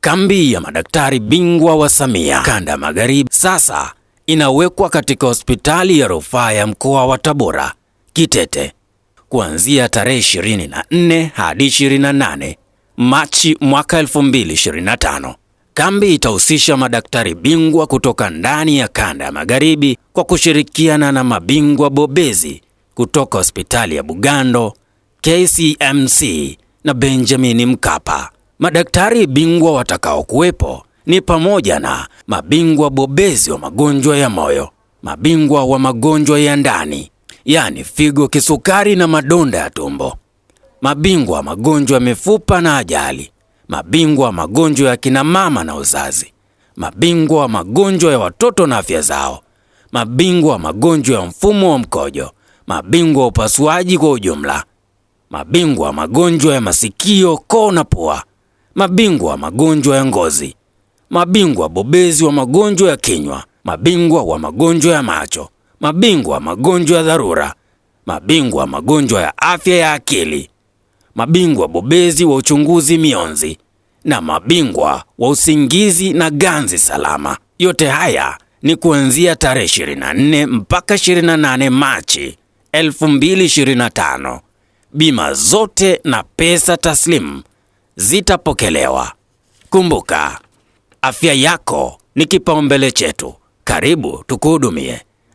Kambi ya madaktari bingwa wa Samia kanda ya magharibi sasa inawekwa katika hospitali ya rufaa ya mkoa wa Tabora Kitete kuanzia tarehe 24 hadi 28 Machi mwaka 2025. Kambi itahusisha madaktari bingwa kutoka ndani ya kanda ya magharibi kwa kushirikiana na mabingwa bobezi kutoka hospitali ya Bugando, KCMC na Benjamin Mkapa. Madaktari bingwa watakaokuwepo ni pamoja na mabingwa bobezi wa magonjwa ya moyo, mabingwa wa magonjwa ya ndani, yaani figo, kisukari na madonda ya tumbo, mabingwa wa magonjwa ya mifupa na ajali, mabingwa wa magonjwa ya kina mama na uzazi, mabingwa wa magonjwa ya watoto na afya zao, mabingwa wa magonjwa ya mfumo wa mkojo, mabingwa wa upasuaji kwa ujumla, mabingwa wa magonjwa ya masikio, koo na pua mabingwa magonjwa ya ngozi, mabingwa bobezi wa magonjwa ya kinywa, mabingwa wa magonjwa ya macho, mabingwa magonjwa ya dharura, mabingwa magonjwa ya afya ya akili, mabingwa bobezi wa uchunguzi mionzi na mabingwa wa usingizi na ganzi salama. Yote haya ni kuanzia tarehe 24 mpaka 28 Machi 2025. Bima zote na pesa taslimu zitapokelewa. Kumbuka, afya yako ni kipaumbele chetu. Karibu tukuhudumie.